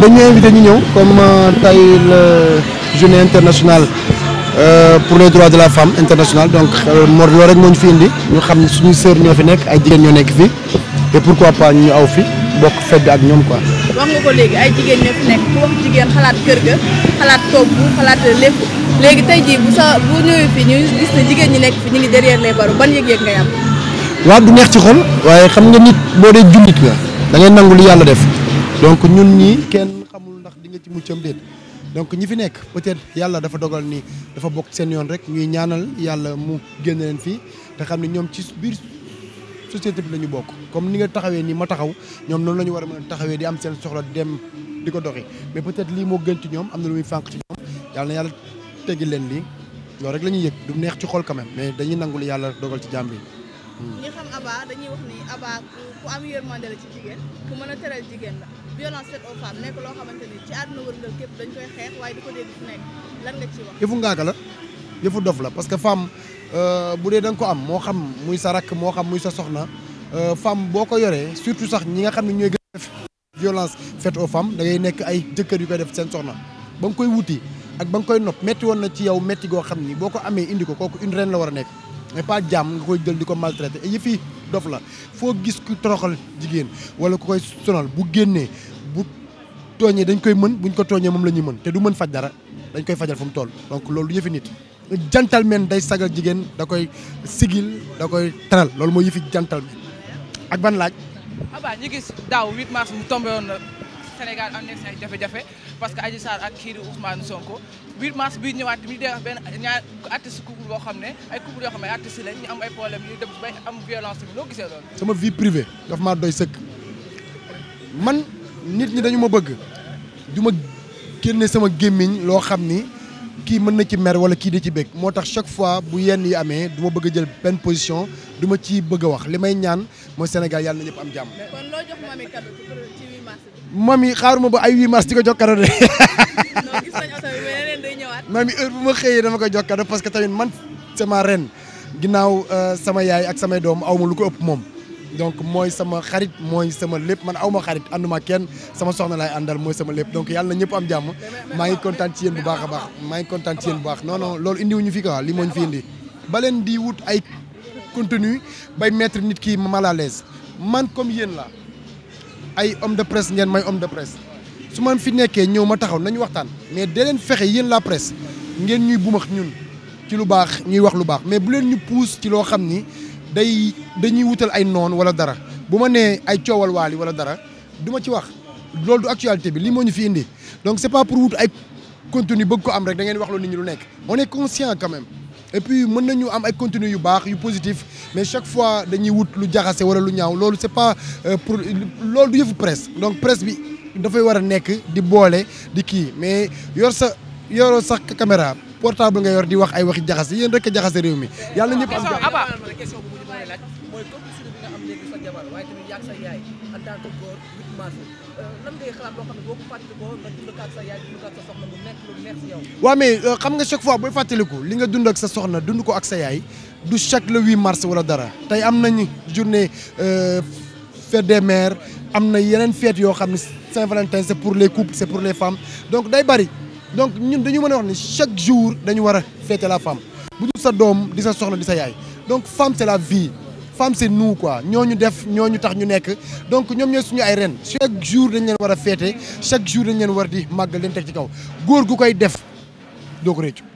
dañ ñu invité ñu ñëw comme euh, tey la journée internationale euh, pour les droits de la femme internationale donc euh, moo loolu rek moo ñu fi indi ñu xam ne suñuy sœur ñoo fi nekk ay jigéen ñoo nekk fii et pourquoi pas ñu aw fi bokk fedd ak ñoom quoi. wax nga ko léegi ay jigéen ñoo fi nekk ku wax jigéen xalaat kër ga xalaat toog bu xalaat lépp léegi tey jii bu ñëwee fi ñu gis ne jigéen ñi nekk fi ñu ngi derrière les barreaux ban yëg-yëg ngay am. waaw du neex ci xol waaye xam nga nit boo dee jullit nga da nangu li yàlla def. donc ñun ñii kenn xamul ndax di nga ci muccam déet donc ñi fi nekk peut-être yàlla dafa dogal ni dafa bokk seen yoon rek ñuy ñaanal yàlla mu génn leen fii te xam ne ñoom ci biir société bi la ñu bokk comme ni nga taxawee nii ma taxaw ñoom noonu la ñu war a mën taxawee di am seen soxla dem di ko doxi mais peut lii moo gën ci ñoom am na lu muy fànq ci ñoom yàlla yàlla teggi leen lii loolu rek lañu ñuy yëg du neex ci xol quand même mais dañuy nangul yàlla dogal ci jàmm bi ñi xam Aba dañuy wax ni Aba ku am yërmande la ci jigéen ku mën a teral jigéen la violence faite aux femmes nekk loo xamante ni ci àdduna wërngal képp dañ koy xeex waaye di ko dégg fu nekk lan nga ci wax yëfu ngaaka la yëfu dof la parce que femme euh, bu dee da ko am moo xam muy sa rakk moo xam muy sa soxna euh, femme boo ko yoree surtout sax ñi nga xam ne ñooy gën a def violence faite aux femmes da nekk ay jëkkër yu koy def seen soxna ba nga koy wuti ak ba nga koy nopp metti na ci yow metti goo xam ni boo ko amee indi ko kooku une reine la war a nekk mais pas jàmm nga koy jël di ko maltraité et yëf dof la foo gis ku toroxal jigéen wala ku koy sonal bu génnee bu tooñee dañ koy mën buñ ko tooñee moom la ñuy mën te du mën faj dara dañ koy fajal fu mu toll donc loolu yëfi nit gentleman day sagal jigéen da koy sigil da koy taral loolu mooy yëfi gentleman ak ban laaj Sénégal am nekk parce que Adji Sarr ak kii di Ousmane Sonko 8 mars bii ñëwaat ñu def benn ñaar artiste xam ne ay couple yoo xam ne ay artiste lañ ñu am ay problème sama vie privée daf maa doy sëkk man nit ñi dañu ma bëgg du ma génne sama gémmiñ loo xam ni kii mën na ci mer wala kii di ci bëgg moo tax chaque fois bu yenn yi amee du ma bëgg jël benn position duma ma ci bëgg wax li may ñaan mooy Sénégal yàlla na ñëpp am jàmm. mami xaaruma ba ay 8 mars di ko jokkoo de. mami heure bu ma xëyee dama koy jokkoo parce que tamit man sama ren ginnaaw euh, sama yaay ak samay doom aw ma lu ko ëpp moom. donc mooy sama xarit mooy sama lépp man aw ma xarit ànduma kenn sama soxna laay àndal mooy sama lépp donc yàlla na ñëpp am jàmm maa ngi kontaan ci yéen bu baax a baax maa ngi kontaan ci yéen bu baax non loolu indiwuñu fi quoi li moo ñu fi indi. ba leen di wut ay continue bay mettre nit ki mal à l'aise man comme yéen la ay homme de presse ngeen may homme de presse su man fi nekkee ñëw ma taxaw nañu waxtaan mais da leen fexe yéen la presse ngeen ñuy bumax ñun ci lu baax ñuy wax lu baax mais bu leen ñu puus ci loo xam ni day dañuy wutal ay noon wala dara bu ma nee ay coowal waali wala dara du ma ci wax loolu du actualité bi lii moo ñu fi indi donc c'est pas pour wut ay contenu bëgg ko am rek da ngeen wax lu nit ñi lu nekk on est conscient quand même et puis mën nañu am ay contenu yu baax yu positif mais chaque fois dañuy wut lu jaxase wala lu ñaaw loolu c'est pas euh, pour loolu du yëfu presse donc presse bi dafay war a nekk di boole di kii mais yor sa yoroo sax caméra portable nga yor di wax ay waxi jaxase yéen rek a jaxase réew mi yàlla ñëpp am mais euh, xam nga chaque fois booy fàttaliku li nga dund ak sa soxna dund ko ak sa yaay du chaque le 8 mars wala dara tey am nañu journée euh, fête de maire am na yeneen fête yoo xam ne Saint-Valentin c'est pour les couples c'est pour les femmes donc day bari donc ñun dañu mën a wax ne chaque jour dañu war a fêter la femme bu dul sa doom di sa soxna di sa yaay donc femme c'est la vie femme c'est nous ñoo ñu def ñoo ñu tax ñu nekk donc ñoom ñooy suñu ay ren chaque jour dañ leen war a fêter chaque jour dañ leen war di màggal leen teg ci kaw góor gu koy def doo ko réccu